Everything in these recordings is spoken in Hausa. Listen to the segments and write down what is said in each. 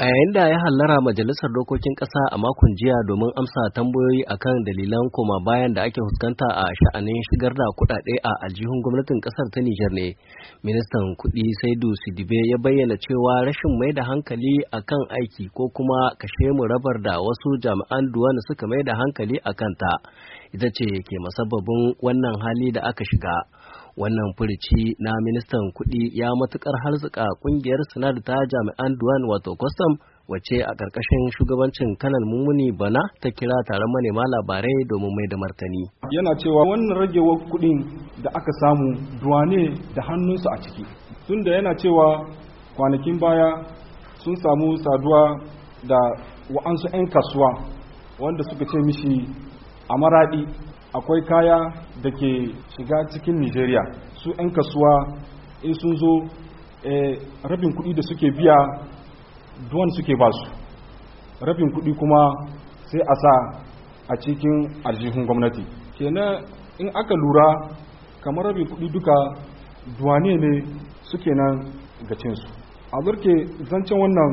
a yayin da ya hallara majalisar dokokin ƙasa a makon jiya domin amsa tambayoyi akan dalilan koma bayan da ake fuskanta a sha'anin shigar da kuɗaɗe a aljihun gwamnatin ƙasar ta Nijar ne ministan kuɗi Saidu Sidibe ya bayyana cewa rashin mai da hankali akan aiki ko kuma kashe mu rabar da wasu jami'an duwan suka mai da hankali a kanta ita ce ke masababin wannan hali da aka shiga wannan furici na ministan kuɗi ya matukar harzuka ƙungiyar sanar ta jami'an duwan wato kwastam wace a ƙarƙashin shugabancin kanan mummuni bana ta kira taron manema labarai domin mai da martani. Yana cewa wannan ragewar kuɗin da aka samu duwane da hannunsu a ciki. Tunda yana cewa kwanakin baya sun samu saduwa da wa'ansu 'yan kasuwa wanda suka ce mishi a maraɗi akwai kaya da ke shiga cikin nigeria su 'yan kasuwa in sun zo eh, rabin kudi da suke biya duwan suke ba su rabin kudi kuma sai a sa a cikin aljihun gwamnati kenan in aka lura kamar rabin kudi duka duwane ne suke nan ga cinsu a zurke zancen wannan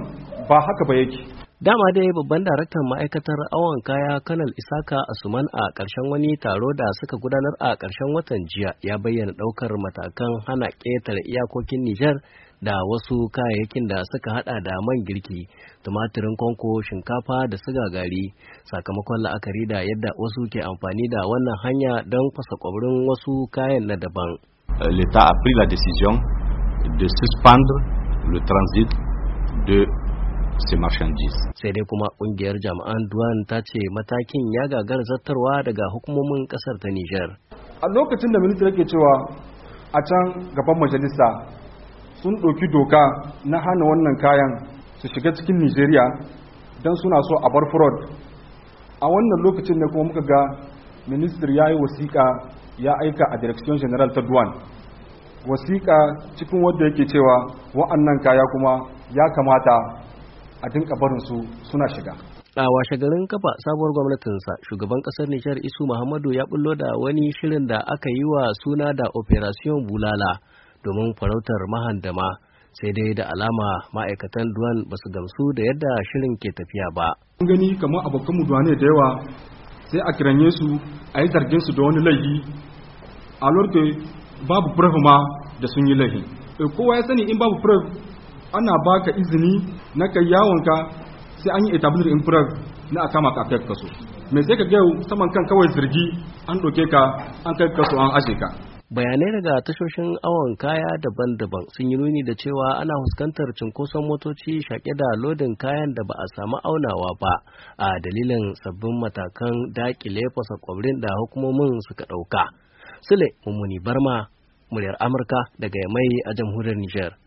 ba haka ba yake Dama dai babban daraktan ma'aikatar awon kaya Kanal Isaka Asuman a ƙarshen wani taro da suka gudanar a ƙarshen watan jiya ya bayyana ɗaukar matakan hana ƙetare iyakokin Nijar da wasu kayayyakin da suka hada da man girki, tumatirin kwanko, shinkafa da siga gari sakamakon la'akari da yadda wasu ke amfani da wannan hanya don fasa kwabrin wasu kayan na daban. Euh, L'État a pris la décision de suspendre le transit de su Jis. Sai dai kuma kungiyar jami'an Duwan ta ce matakin ya gagar zartarwa daga hukumomin kasar ta Nijar. A lokacin da ministry ke cewa a can gaban majalisa sun ɗauki doka na hana wannan kayan su shiga cikin Nijeriya don suna so a bar fraud. A wannan lokacin da kuma muka ga ministry ya yi wasiƙa ya aika a direction general ta Duwan. Wasiƙa cikin wadda yake cewa wa'annan kaya kuma ya kamata a dinka barin su suna shiga. A washe garin kafa sabuwar gwamnatinsa shugaban kasar Nijar Isu Muhammadu ya bullo da wani shirin da aka yi wa suna da Operation Bulala domin farautar mahandama sai dai da alama ma'aikatan duwan ba su gamsu da yadda shirin ke tafiya ba. Mun gani kamar mu duwane da yawa sai a kiranye su a yi zargin su da wani laifi a babu proof ma da sun yi laifi. Eh, kowa ya sani in babu ana baka izini na kai yawonka sai an yi etablir in na a kama ka kaso mai sai ka ga saman kan kawai zirgi an ɗauke ka an kai kaso an ashe ka bayanai daga tashoshin awon kaya daban-daban sun yi nuni da cewa ana fuskantar cinkoson motoci shaƙe da lodin kayan da ba a samu aunawa ba a dalilin sabbin matakan dakile fasa da hukumomin suka ɗauka sule mummuni barma muryar amurka daga mai a jamhuriyar Nijar.